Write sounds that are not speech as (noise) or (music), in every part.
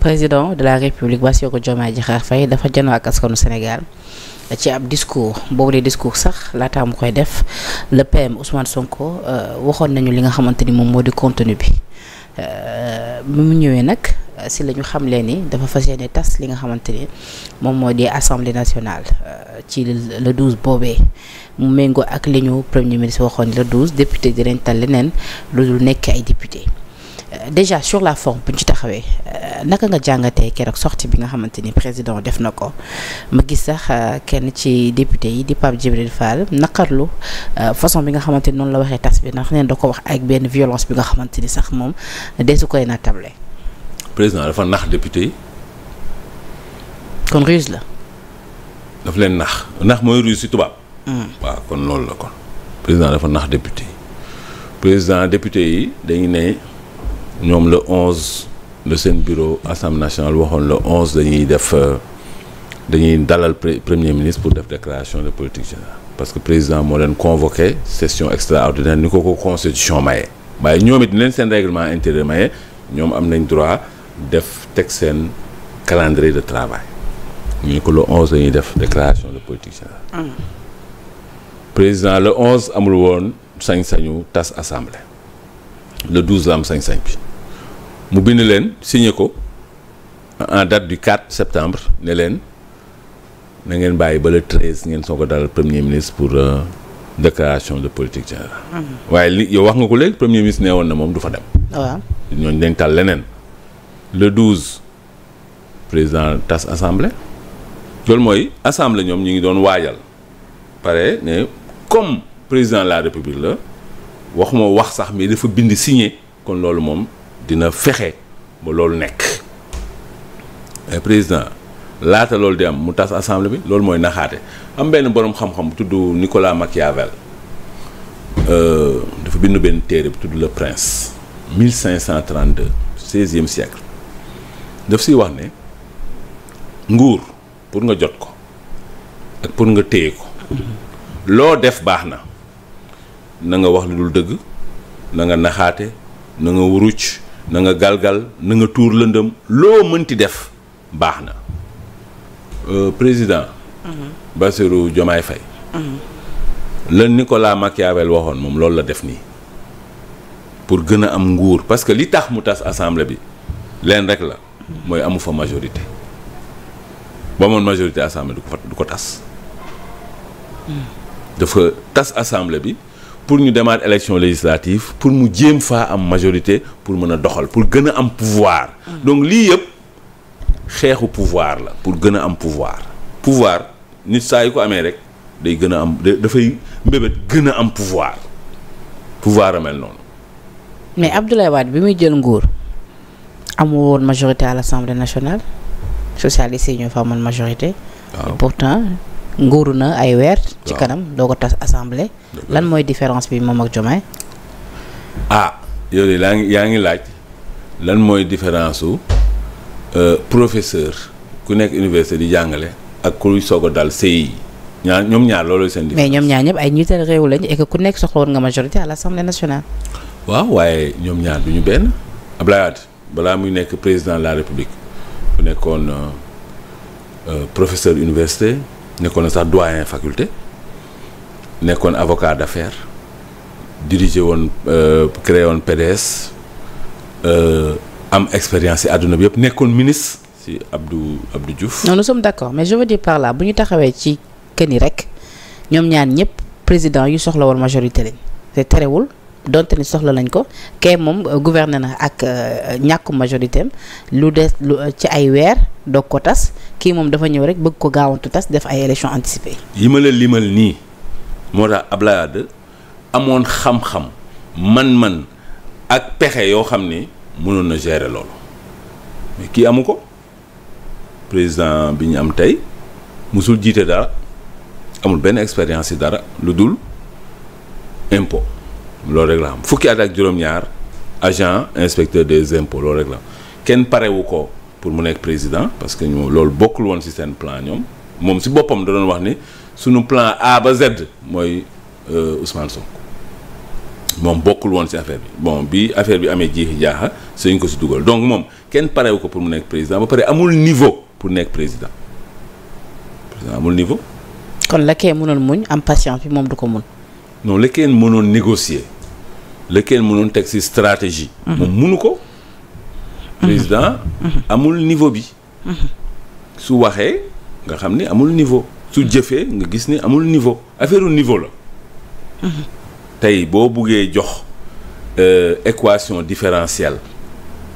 président de la république Bassirou Diomaye Diakhar Faye dafa janoo ak askanu Sénégal ci ab discours boobu de discours sax laataa mu koy def le PM Ousmane Sonko euh, waxoon nañu li nga xamante ni moom moo di contenu bi euh, bi mu ñëwee nag si la ñu xam leen ni dafa fas yéene tas li nga xamante ni moom moo di assemblée nationale euh, ci le douze boobee mu méngoo ak li ñu premier ministre waxoon le 12 député dinañ tal leneen lu dul nekk ay député. déjà sur la forme bu ñu ci taxawee euh, naka nga jàngatee keroog sortie bi nga xamante ni président def na ko ma gis sax euh, kenn ci député yi di Pape Djibril Fall naqarlu euh, façon bi nga xamante ni noonu la waxee tas bi ndax neen da ko wax ak benn violence bi nga xamante ni sax moom desu koy nattable. président dafa nax député yi. kon ruse la. daf leen nax nax mooy ruse si tubaab. Hmm. waaw kon loolu la kon. président dafa nax député yi président député yi dañu ne. ñoom le onze le seen bureau assemblée nationale waxoon le 11 dañuy def euh, dañuy dalal premier ministre pour def déclaration de politique générale parce que président moo leen convoqué session extraordinaire ni ko ko constitution maye waaye ñoom it leen seen règlement intérieur maye ñoom am nañ droit def teg seen calendrier de travail ñu ne ko le 11 dañuy def déclaration de politique générale. Ah. président le onze amul woon sañ-sañu tas assemblée le 12 la am sañ-sañ bi. mu bind leen signé ko en date du 4 septembre ne leen na ngeen bàyyi ba le 13 ngeen soog a dalal premier ministre pour euh, déclaration de politique générale. Mm-hmm. waaye li yow wax nga ko léegi premier ministre nee woon na moom du fa dem. waaw ñooñu dañ tal leneen. le douze président tas assemblée. loolu mooy assemble ñoom ñu ngi doon waajal pare ne comme président la république la waxuma wax sax mais dafa bind signé kon loolu moom. dina fexe ba loolu nekk eh, président laata loolu di am mu tas assemblée bi loolu mooy naxaate am benn boroom xam-xam bu tudd Nicolas Machiavel euh, dafa bind benn téere bu tudd Le Prince 1532 16e siècle daf siy wax ne nguur pour nga jot ko ak pour nga téye ko loo def baax na na nga wax lu dul dëgg na nga naxaate na nga wuruc na nga galgal na nga tuur lëndëm loo mënti def baax na euh, président mhm. Bassirou Diomaye Faye mhm. la Nicolas Machiavel waxoon moom loolu la def nii pour gën a am nguur parce que li tax mu tas assemblée bi leen rek la mooy amu fa majorité ba amoon majorité assemblée du ko du ko tas hmm. dafa tas assemblée bi pour ñu démarrer élection législative pour mu jéem faa am majorité pour mën a doxal pour gën a am pouvoir mm. donc lii yëpp xeexu pouvoir la pour gën a am pouvoir pouvoir nit saa yu ko amee rek day gën a am dafay mbébét gën a am pouvoir pouvoir amel noonu mais Abdoulaye Wade bi muy jël nguur amu woon majorité à l'Assemblée nationale socialiste yi ñoo fa amoon majorité. waaw nguuru na ay weer. ci kanam doo ko ta assemblée. lan mooy différence bi moom ak Diomaye. ah yooyu laa ngi yaa ngi laaj lan mooy différence su euh, professeur ku nekk université di jàngale ak ku soog a dal CI ñaar ñoom ñaar loolu seen. di mais ñoom ñaar ñëpp ay njiital réew lañ et ku nekk soxla woon nga majorité à l' assemblée nationale. waaw waaye ñoom ñaar du ñu benn Abdoulaye Wade balaa muy nekk président de la république ku nekkoon euh, euh, professeur université. nekkoon na sax doyen faculté nekkoon avocat d'affaires dirigé woon euh, créé woon PDS euh, am expérience yi àdduna bi yëpp nekkoon ministre si Abdou Abdou Diouf. non nous sommes d'accord mais je veux dire bu ñu taxawee ci kenn yi rek ñoom ñaan ñëpp président yu soxla woon majorité lañ te terewul. donte ni soxla lañ ko kee moom euh, gouverné na ak euh, ñàkku majorité am lu des lu euh, ci ay weer doog ko tas kii moom dafa ñëw rek bëgg ko gaawantu tas def ay élections anticipées. yi ma la limal nii moo tax Abdoulaye Wade amoon xam-xam man-man ak pexe yoo xam ni mënoon na gérer loolu mais kii amu ko président bi ñu am tey mosul jiite dara amul benn expérience yi dara lu dul impo loolu rek la am fukki at ak juróom-ñaar agent inspecteur des impôts loolu rek la am kenn parewu ko pour mu nekk président parce que ñu loolu bokkul woon ci seen plan ñoom moom ci boppam da doon wax ni suñu plan ba Z mooy euh, Ousmane Sonko moom bokkul woon ci affaire bi bon bi affaire bi amee jiixi jaaxa suñ ko si dugal donc moom kenn parewu ko pour mu nekk président ba pare amul niveau pour nekk président amul niveau. kon la kee mënoon muñ am patience bi moom du ko mun. non la kee mënoon négocier la kenn mënoon teg ci stratégie. Mhm. moom mënu ko. Mhm. président mhm. amul niveau bi. su waxee nga xam ni amul niveau su jëfee nga gis ni amul niveau affaire niveau la. tey boo buggee jox euh, équation différentielle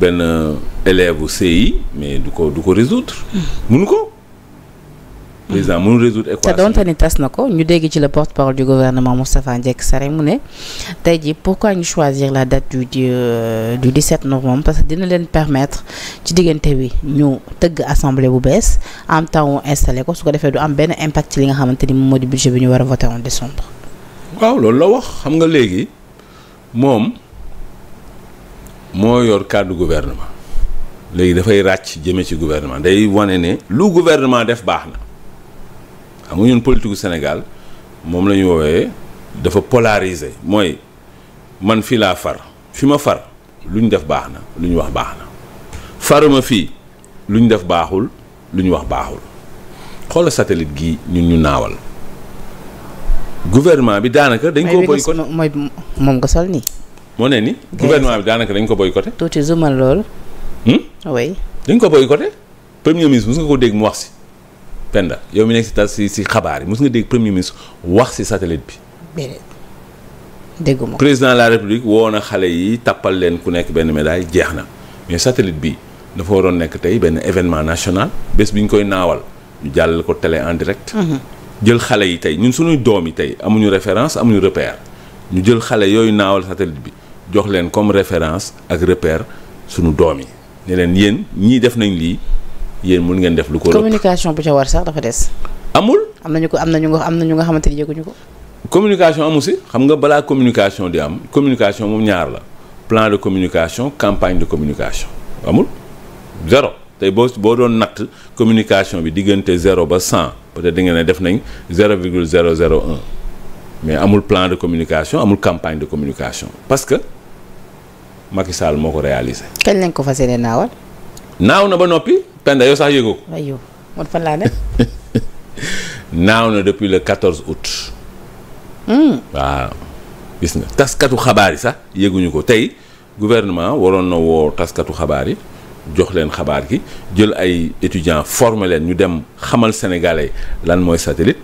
benn euh, élève CI mais du ko du ko résoudre. mënu ko. président mënul résoudre équation. te ni tas na ko ñu dégg ci le porte-parole du gouvernement Moustapha Ndiaye Sarr mu ne tey jii pourquoi ñu choisir la date du euh, du du 17 novembre parce que dina leen permettre ci diggante bi ñu tëgg assemblée bu bees en temps installé ko su ko defee du am benn impact ci li nga xamante ni moom moo di budget bi ñu war a voter en décembre. waaw loolu la wax xam nga léegi moom moo yor kàddu gouvernement léegi dafay ràcc jëmee ci gouvernement day wane ne lu gouvernement def baax na. xam nga ñun politique Sénégal moom la ñu woowee dafa polariser mooy man fii laa far fi ma far lu ñu def baax na lu ñu wax baax na faruma fii lu ñu def baaxul lu ñu wax baaxul xoola satelit gii ñun ñu naawal gouvernement bi daanaka dañ ko boycotté mooy moom nga sol nii moo ne ni gouvernement bi daanaka dañ ko boy tuuti zumal lool hmm? oui dañ ko boycotté premier ministre nga ko dégg mu wax si Penda yow mi nekk si tas si xabaar yi mos nga dégg premier ministre wax si satellite bi. déedéet dégguma président la république woo na xale yi tappal leen ku nekk benn médaille jeex na mais satellite bi dafa waroon nekk tey benn événement national bés bi ñu koy naawal ñu jàllale ko télé en direct. Mhm. jël xale yi tey ñun suñuy doom yi tey amuñu référence amuñu repère ñu jël xale yooyu naawal satellite bi jox leen comme référence ak repère suñu doom yi ne leen yéen ñii def nañ lii. yéen mun ngeen def lu ko. communication bu ca war sax dafa des. amul. am nañu ko am na ñu am nañu nga xamante ni yëguñu ko. communication amu si xam nga balaa communication di am communication moom ñaar la plan de communication campagne de communication amul zéro tey boo boo doon natt communication bi diggante zéro ba cent peut-être da ngeen ne def nañ zéro virgule zéro zéro un mais amul plan de communication amul campagne de communication parce que Macky moo ko réalisé. naaw na ba noppi Penda yow sax yëgoo ko. waaw (laughs) naaw na depuis le 14 août. Hmm. waaw gis nga taskatu xabaar yi sax yëguñu ko tey gouvernement waroon na woo taskatu xabaar yi jox leen xabaar gi jël ay étudiants forme leen ñu dem xamal sénégalais lan mooy satellite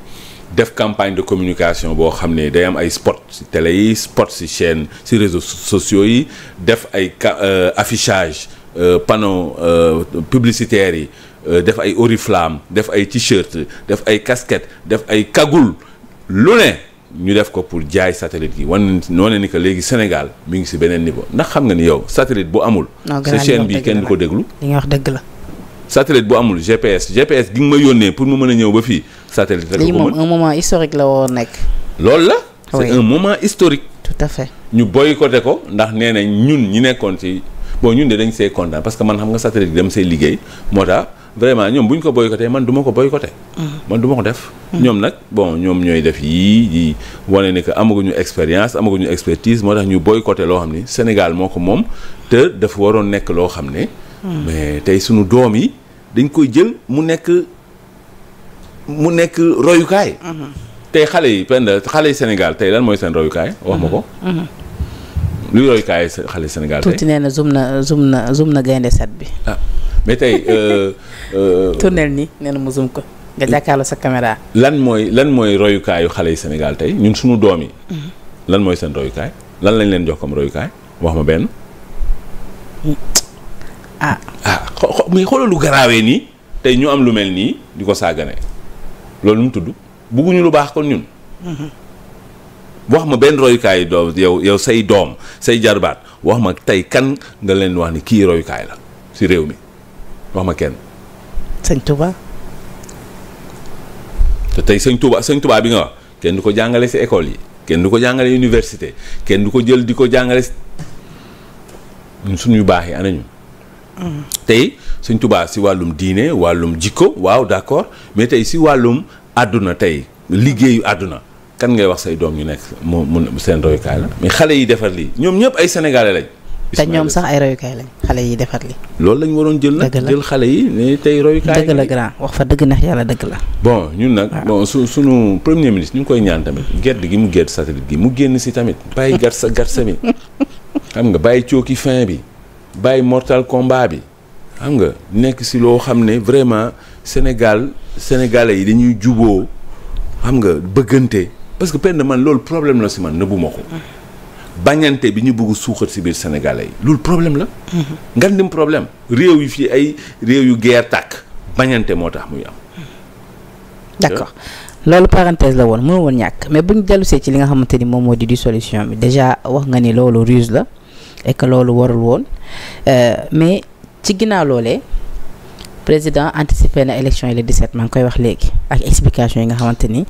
def campagne de communication boo xam ne day am ay spot ci télé yi spot ci chaîne ci réseaux sociaux yi def ay euh, affichage Euh, panneau euh, publicitaire yi euh, def ay oriflamme def ay t-shirt def ay casquette def ay cagoule lu ne ñu def ko pour jaay satelite yi wan noo ne ni que léegi Sénégal mu ngi si beneen niveau ndax xam nga ni yow satellite bu amul sa bi kenn du ko déglu li nga wax dëgg la satellite bu amul GPS GPS gi nga ma yónnee pour mu mën a ñëw ba fii satellite rek lii moom un moment historique la woo nekk loolu la c'est un moment historique tout à fait ñu boycotté ko ndax nee na ñun ñu nekkoon ci bon ñun de dañ see kontaan parce que man xam nga satellite dem see liggéey moo tax vraiment ñoom bu ñu ko boycotté man du ma ko boycotté. Mm-hmm. man du ma ko def. Mm-hmm. ñoom nag bon ñoom ñooy def yii di wane ne que amaguñu expérience amaguñu expertise moo tax ñu boycotté loo xam ne Sénégal moo ko moom te dafa waroon nekk loo xam ne. Mm-hmm. mais tey suñu doom yi dañ koy jël mu nekk mu nekk royukaay. tey xale yi pend xale yi Sénégal tey lan mooy seen royukaay. wax ma ko. luy roy kaay xale Sénégal tey tuuti nee na zoom na zoom na zoom na gaynde set bi. ah mais tey. Euh, euh, euh, tournel nii nee na mu zoom ko. nga jàkkaarloo sa caméra. lan mooy lan mooy royukaayu xale yi Sénégal tey ñun suñu doom yi. Mhm. lan mooy seen royukaay lan lañ leen jox comme royukaay wax ma benn. ah ah lu garaawee nii tey ñu am lu mel nii di ko saaganee loolu mu tudd bugguñu lu baax kon ñun. Mhm. wax ma benn royukaay doom yow yow say doom say jarbaat wax ma tey kan nga leen wax ni kii royukaay la si réew mi wax ma kenn. sëñ Touba. te tey sëñ tubaa sëñ Touba bi nga wax kenn du ko jàngale si école yi kenn du ko jàngale université kenn du ko jël di ko jàngale suñu baax yi ana tey sëñ Touba si wàllum diine wàllum jikko waaw d'accord mais tey si wàllum àdduna tey liggéeyu àdduna kan ngay wax say doom ñu nekk mu mu seen royukaay la mais xale yi defar li ñoom ñëpp ay sénégalais lañ. te ñoom sax ay royukaay lañ xale yi defar lii. loolu lañ waroon jël nag jël xale yi ne tey royukaay. dëgg la grand wax fa dëgg ndax yàlla dëgg la. bon ñun nag su suñu premier ministre ñu ngi koy ñaan tamit gedd gi mu gedd satellite gi mu génn si tamit bàyyi gat sa gat sa bi xam nga bàyyi cooki fin bi bàyyi mortal combat bi xam nga nekk si loo xam ne vraiment Sénégal sénégalais yi dañuy juboo xam nga bëggante. parce que penn man loolu problème la si man nëbbuma ko bañante bi ñu bëgg suuxat si biir sénégalais yi loolu problème la mhm. ngan dim problème réew yi fii ay réew yu guerre tàkk bañante moo tax muy am mhm. d'accord loolu parenthèse la woon mënu woon ñàkk mais bu ñu dellusee ci li nga xamante ni moom moo di di solution bi déjà wax nga ni loolu ruse la et loolu warul woon euh, mais ci ginnaaw loolee président anticipé na élection yi le 17 maa ngi koy wax léegi ak explication yi nga xamante ni